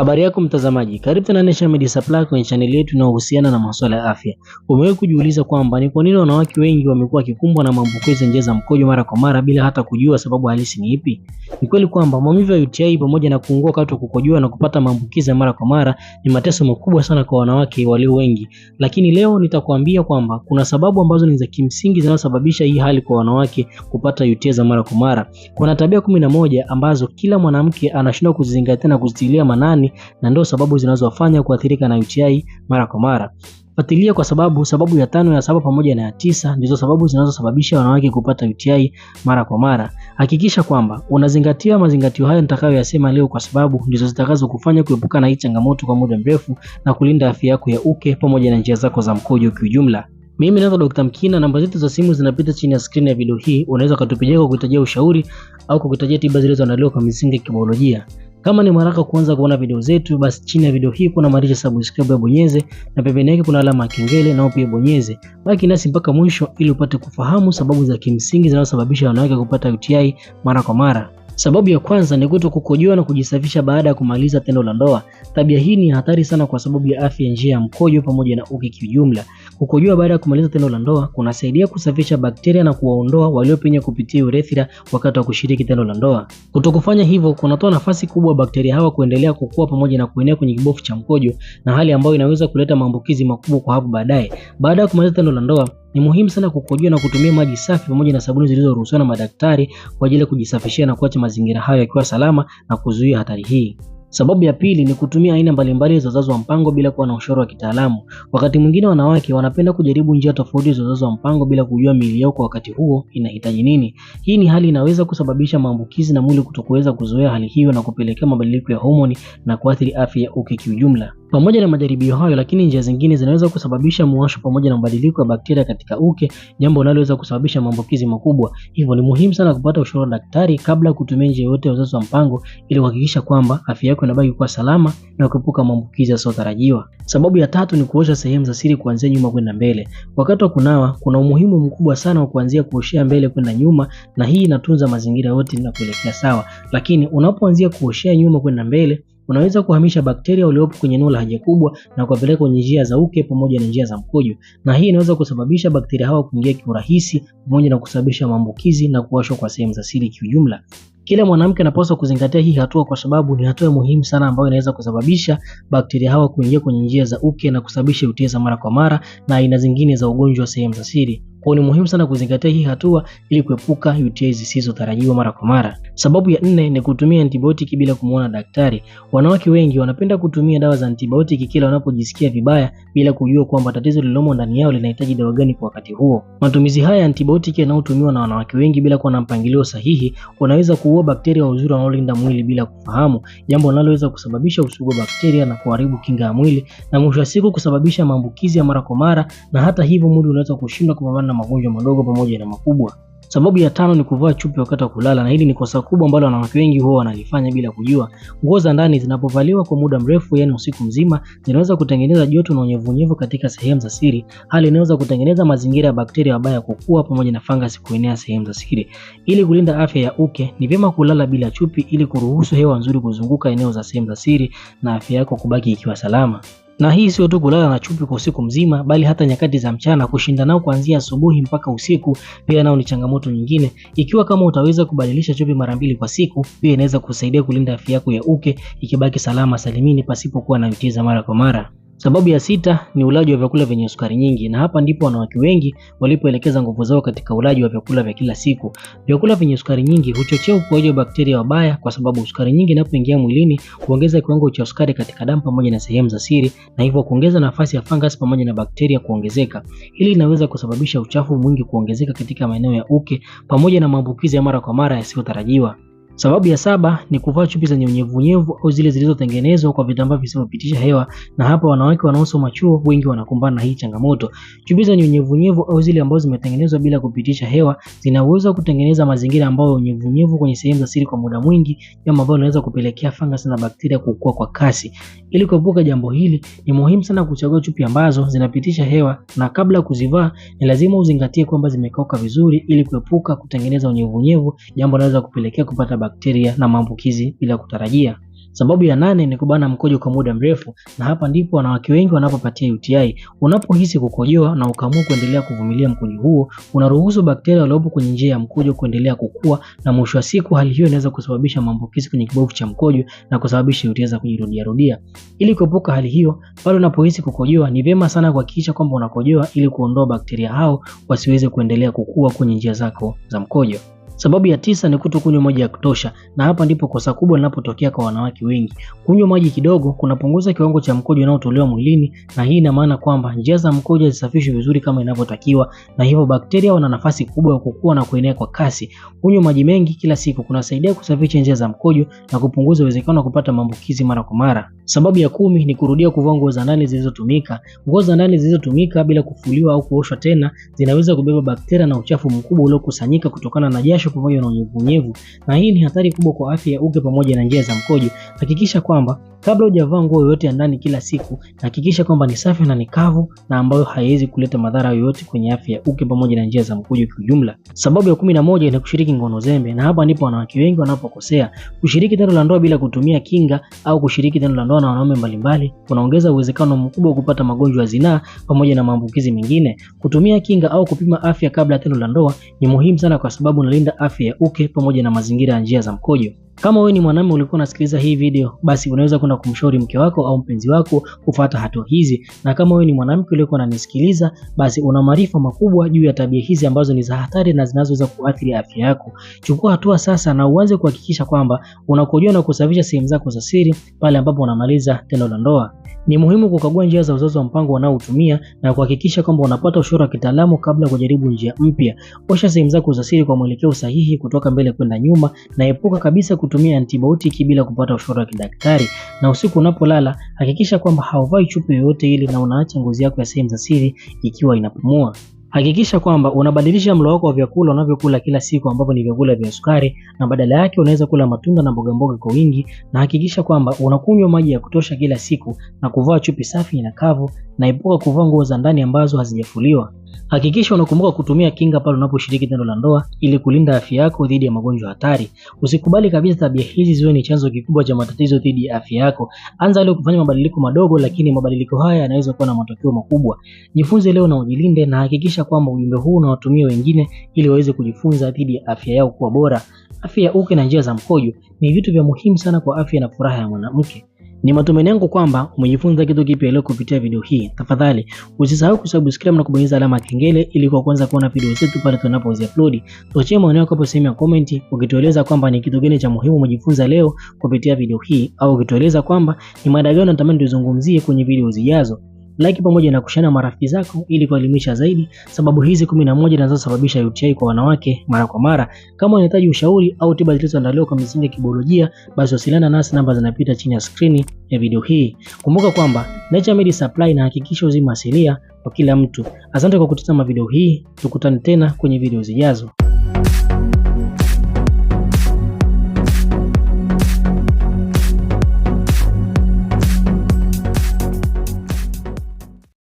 Habari yako mtazamaji, karibu tena Naturemed Media Supply kwenye chaneli yetu inayohusiana na masuala ya afya. Umewahi kujiuliza kwamba ni kwa nini wanawake wengi wamekuwa wakikumbwa na maambukizi ya njia za mkojo mara kwa mara bila hata kujua sababu halisi ni ipi? Ni kweli kwamba maumivu ya UTI pamoja na kuungua wakati wa kukojoa na kupata maambukizi ya mara kwa mara ni mateso makubwa sana kwa wanawake walio wengi, lakini leo nitakwambia kwamba kuna sababu ambazo ni za kimsingi zinazosababisha hii hali kwa wanawake kupata UTI za mara kwa mara. Kuna tabia kumi na moja ambazo kila mwanamke anashindwa kuzizingatia na kuzitilia manani na ndio sababu zinazowafanya kuathirika na UTI mara kwa mara. Fuatilia kwa sababu sababu ya tano ya saba pamoja na ya tisa ndizo sababu zinazosababisha wanawake kupata UTI mara kwa mara. Hakikisha kwamba unazingatia mazingatio hayo nitakayoyasema leo, kwa sababu ndizo zitakazokufanya kuepuka na hii changamoto kwa muda mrefu na kulinda afya yako ya uke pamoja na njia zako za mkojo kiujumla. Mimi naitwa Dr. Mkina. Namba zetu za simu zinapita chini ya screen ya video hii. Unaweza ukatupigia kwa kuhitajia ushauri au kwa kuhitajia tiba zilizoandaliwa kwa misingi ya kibiolojia. Kama ni mara yako kuanza kuona video zetu, basi chini ya video hii kuna maandishi subscribe, bonyeze na pembeni yake kuna alama ya kengele, nao pia bonyeze. Baki nasi mpaka mwisho ili upate kufahamu sababu za kimsingi zinazosababisha wanawake kupata UTI mara kwa mara. Sababu ya kwanza ni kuto kukojoa na kujisafisha baada ya kumaliza tendo la ndoa. Tabia hii ni hatari sana kwa sababu ya afya njia ya mkojo pamoja na uke kiujumla. Kukojoa baada ya kumaliza tendo la ndoa kunasaidia kusafisha bakteria na kuwaondoa waliopenya kupitia urethra wakati wa kushiriki tendo la ndoa. Kutokufanya hivyo kunatoa nafasi kubwa bakteria hawa kuendelea kukua pamoja na kuenea kwenye kibofu cha mkojo, na hali ambayo inaweza kuleta maambukizi makubwa kwa hapo baadaye. Baada ya kumaliza tendo la ndoa ni muhimu sana kukojoa na kutumia maji safi pamoja na sabuni zilizoruhusiwa na madaktari kwa ajili ya kujisafishia na kuacha mazingira hayo yakiwa salama na kuzuia hatari hii. Sababu ya pili ni kutumia aina mbalimbali za uzazi wa mpango bila kuwa na ushauri wa kitaalamu. Wakati mwingine wanawake wanapenda kujaribu njia tofauti za uzazi wa mpango bila kujua miili yao kwa wakati huo inahitaji nini. Hii ni hali inaweza kusababisha maambukizi na mwili kutokuweza kuzoea hali hiyo na kupelekea mabadiliko ya homoni na kuathiri afya ya uke kiujumla. Pamoja na majaribio hayo, lakini njia zingine zinaweza kusababisha muwasho pamoja na mabadiliko ya bakteria katika uke, jambo linaloweza kusababisha maambukizi makubwa. Hivyo ni muhimu sana kupata ushauri wa daktari kabla ya kutumia njia yoyote ya uzazi wa mpango, ili kuhakikisha kwamba afya yako inabaki kuwa salama na kuepuka maambukizi yasiyotarajiwa. Sababu ya tatu ni kuosha sehemu za siri kuanzia nyuma kwenda mbele. Wakati wa kunawa, kuna umuhimu mkubwa sana wa kuanzia kuoshea mbele kwenda nyuma, na hii inatunza mazingira yote na kuelekea sawa, lakini unapoanzia kuoshea nyuma kwenda mbele Unaweza kuhamisha bakteria waliopo kwenye eneo la haja kubwa na kuwapeleka kwenye njia za uke pamoja na njia za mkojo, na hii inaweza kusababisha bakteria hawa kuingia kiurahisi pamoja na kusababisha maambukizi na kuwashwa kwa sehemu za siri kiujumla. Kila mwanamke anapaswa kuzingatia hii hatua kwa sababu ni hatua muhimu sana ambayo inaweza kusababisha bakteria hawa kuingia kwenye njia za uke na kusababisha UTI za mara kwa mara na aina zingine za ugonjwa sehemu za siri. Kwa ni muhimu sana kuzingatia hii hatua ili kuepuka UTI zisizotarajiwa mara kwa mara. Sababu ya nne ni kutumia antibiotiki bila kumwona daktari. Wanawake wengi wanapenda kutumia dawa za antibiotiki kila wanapojisikia vibaya bila kujua kwamba tatizo lililomo ndani yao linahitaji dawa gani kwa wakati huo. Matumizi haya ya antibiotiki yanayotumiwa na wanawake wengi bila kuwa na mpangilio sahihi, wanaweza kuua bakteria wa uzuri wanaolinda mwili bila kufahamu, jambo linaloweza kusababisha usugu wa bakteria na kuharibu kinga ya mwili na mwisho wa siku kusababisha maambukizi ya mara kwa mara, na hata hivyo mwili unaweza kushindwa kupambana na magonjwa madogo pamoja na makubwa. Sababu ya tano ni kuvaa chupi wakati wa kulala, na hili ni kosa kubwa ambalo wanawake wengi huwa wanalifanya bila kujua. Nguo za ndani zinapovaliwa kwa muda mrefu, yaani usiku mzima, zinaweza kutengeneza joto na unyevunyevu katika sehemu za siri, hali inaweza kutengeneza mazingira ya bakteria wabaya kukua pamoja na fangasi kuenea sehemu za siri. Ili kulinda afya ya uke, ni vyema kulala bila chupi ili kuruhusu hewa nzuri kuzunguka eneo za sehemu za siri na afya yako kubaki ikiwa salama. Na hii sio tu kulala na chupi kwa usiku mzima, bali hata nyakati za mchana, kushinda nao kuanzia asubuhi mpaka usiku pia nao ni changamoto nyingine. Ikiwa kama utaweza kubadilisha chupi mara mbili kwa siku, pia inaweza kusaidia kulinda afya yako ya uke ikibaki salama salimini pasipokuwa na vitiza mara kwa mara. Sababu ya sita ni ulaji wa vyakula vyenye sukari nyingi, na hapa ndipo wanawake wengi walipoelekeza nguvu zao katika ulaji wa vyakula vya kila siku. Vyakula vyenye sukari nyingi huchochea ukuaji wa bakteria wabaya, kwa sababu sukari nyingi inapoingia mwilini huongeza kiwango cha sukari katika damu pamoja na sehemu za siri, na hivyo kuongeza nafasi ya fungus pamoja na bakteria kuongezeka. Hili linaweza kusababisha uchafu mwingi kuongezeka katika maeneo ya uke pamoja na maambukizi ya mara kwa mara yasiyotarajiwa. Sababu ya saba ni kuvaa chupi zenye unyevunyevu au zile zilizotengenezwa kwa vitambaa visivyopitisha hewa, na hapa wanawake wanaosoma chuo wengi wanakumbana na hii changamoto. Chupi zenye unyevunyevu au zile ambazo zimetengenezwa bila kupitisha hewa zina uwezo wa kutengeneza mazingira ambayo unyevunyevu kwenye sehemu za siri kwa muda mwingi, jambo ambalo linaweza kupelekea fungus na bakteria kukua kwa kasi. Ili kuepuka jambo hili, ni muhimu sana kuchagua chupi ambazo zinapitisha hewa, na kabla kuzivaa ni lazima uzingatie kwamba zimekauka vizuri, ili kuepuka kutengeneza unyevunyevu, jambo linaloweza kupelekea kupata bakteria bakteria na maambukizi bila kutarajia. Sababu ya nane ni kubana mkojo kwa muda mrefu, na hapa ndipo wanawake wengi wanapopatia UTI. Unapohisi kukojoa na ukaamua kuendelea kuvumilia mkojo huo, unaruhusu bakteria waliopo kwenye njia ya mkojo kuendelea kukua, na mwisho wa siku hali hiyo inaweza kusababisha maambukizi kwenye kibofu cha mkojo na kusababisha UTI za kujirudia rudia. Ili kuepuka hali hiyo, pale unapohisi kukojoa, ni vyema sana kuhakikisha kwamba unakojoa ili kuondoa bakteria hao wasiweze kuendelea kukua kwenye njia zako za mkojo. Sababu ya tisa ni kunywa maji ya kutosha, na hapa ndipo kosa kubwa linapotokea kwa wanawake wengi. Kunywa maji kidogo kunapunguza kiwango cha mkojo unaotolewa mwilini, na hii ina maana kwamba njia za mkojo hazisafishwi vizuri kama inavyotakiwa, na hivyo bakteria wana nafasi kubwa ya kukua na kuenea kwa kasi. Kunywa maji mengi kila siku kunasaidia kusafisha njia za mkojo na kupunguza uwezekano wa kupata maambukizi mara kwa mara. Sababu ya kumi ni kurudia kuvaa nguo za ndani zilizotumika. Nguo za ndani zilizotumika bila kufuliwa au kuoshwa tena zinaweza kubeba bakteria na uchafu mkubwa uliokusanyika kutokana na jasho joto pamoja na unyevunyevu, na hii ni hatari kubwa kwa afya ya uke pamoja na njia za mkojo. Hakikisha kwamba kabla hujavaa nguo yoyote ya ndani kila siku, hakikisha kwamba ni safi na ni kavu na ambayo haiwezi kuleta madhara yoyote kwenye afya ya uke pamoja na njia za mkojo kwa ujumla. Sababu ya kumi na moja ni kushiriki ngono zembe, na hapa ndipo wanawake wengi wanapokosea. Kushiriki tendo la ndoa bila kutumia kinga au kushiriki tendo la ndoa na wanaume mbalimbali kunaongeza uwezekano mkubwa wa kupata magonjwa ya zinaa pamoja na maambukizi mengine. Kutumia kinga au kupima afya kabla ya tendo la ndoa ni muhimu sana, kwa sababu unalinda afya ya uke pamoja na mazingira ya njia za mkojo. Kama wewe ni mwanamume ulikuwa unasikiliza hii video, basi unaweza kwenda kumshauri mke wako au mpenzi wako kufuata hatua hizi, na kama wewe ni mwanamke uliyekuwa unanisikiliza, basi una maarifa makubwa juu ya tabia hizi ambazo ni za hatari na zinazoweza kuathiri afya yako. Chukua hatua sasa na uanze kuhakikisha kwamba unakojua na kusafisha sehemu zako za siri pale ambapo unamaliza tendo la ndoa. Ni muhimu kukagua njia za uzazi wa mpango wanaotumia na kuhakikisha kwamba unapata ushauri wa kitaalamu kabla ya kujaribu njia mpya. Osha sehemu zako za siri kwa mwelekeo sahihi kutoka mbele kwenda nyuma na epuka kabisa kutu kutumia antibiotiki bila kupata ushauri wa kidaktari. Na usiku unapolala, hakikisha kwamba hauvai chupi yoyote ile na unaacha ngozi yako ya sehemu za siri ikiwa inapumua. Hakikisha kwamba unabadilisha mlo wako wa vyakula unavyokula kila siku, ambavyo ni vyakula vya sukari, na badala yake unaweza kula matunda na mboga mboga kwa wingi, na hakikisha kwamba unakunywa maji ya kutosha kila siku na kuvaa chupi safi na kavu, na epuka kuvaa nguo za ndani ambazo hazijafuliwa. Hakikisha unakumbuka kutumia kinga pale unaposhiriki tendo la ndoa ili kulinda afya yako dhidi ya magonjwa hatari. Usikubali kabisa tabia hizi ziwe ni chanzo kikubwa cha matatizo dhidi ya afya yako. Anza leo kufanya mabadiliko madogo, lakini mabadiliko haya yanaweza kuwa na matokeo makubwa. Jifunze leo na ujilinde, na hakikisha kwamba ujumbe huu unawatumia wengine ili waweze kujifunza dhidi ya afya yao kuwa bora. Afya ya uke na njia za mkojo ni vitu vya muhimu sana kwa afya na furaha ya mwanamke. Ni matumaini yangu kwamba umejifunza kitu kipya leo kupitia video hii. Tafadhali usisahau kusubscribe na kubonyeza alama ya kengele ili kwa kwanza kuona video zetu pale tunapozi upload. Tuachie maoni yako hapo sehemu ya comment ukitueleza kwamba ni kitu gani cha muhimu umejifunza leo kupitia video hii au ukitueleza kwamba ni mada gani unatamani tuzungumzie kwenye video zijazo like pamoja na kushana marafiki zako ili kuelimisha zaidi sababu hizi kumi na moja zinazosababisha UTI kwa wanawake mara kwa mara. Kama unahitaji ushauri au tiba zilizoandaliwa kwa misingi ya kibiolojia, basi wasiliana nasi, namba zinapita chini ya skrini ya video hii. Kumbuka kwamba Naturemed Supply inahakikisha uzima asilia kwa kila mtu. Asante kwa kutazama video hii, tukutane tena kwenye video zijazo.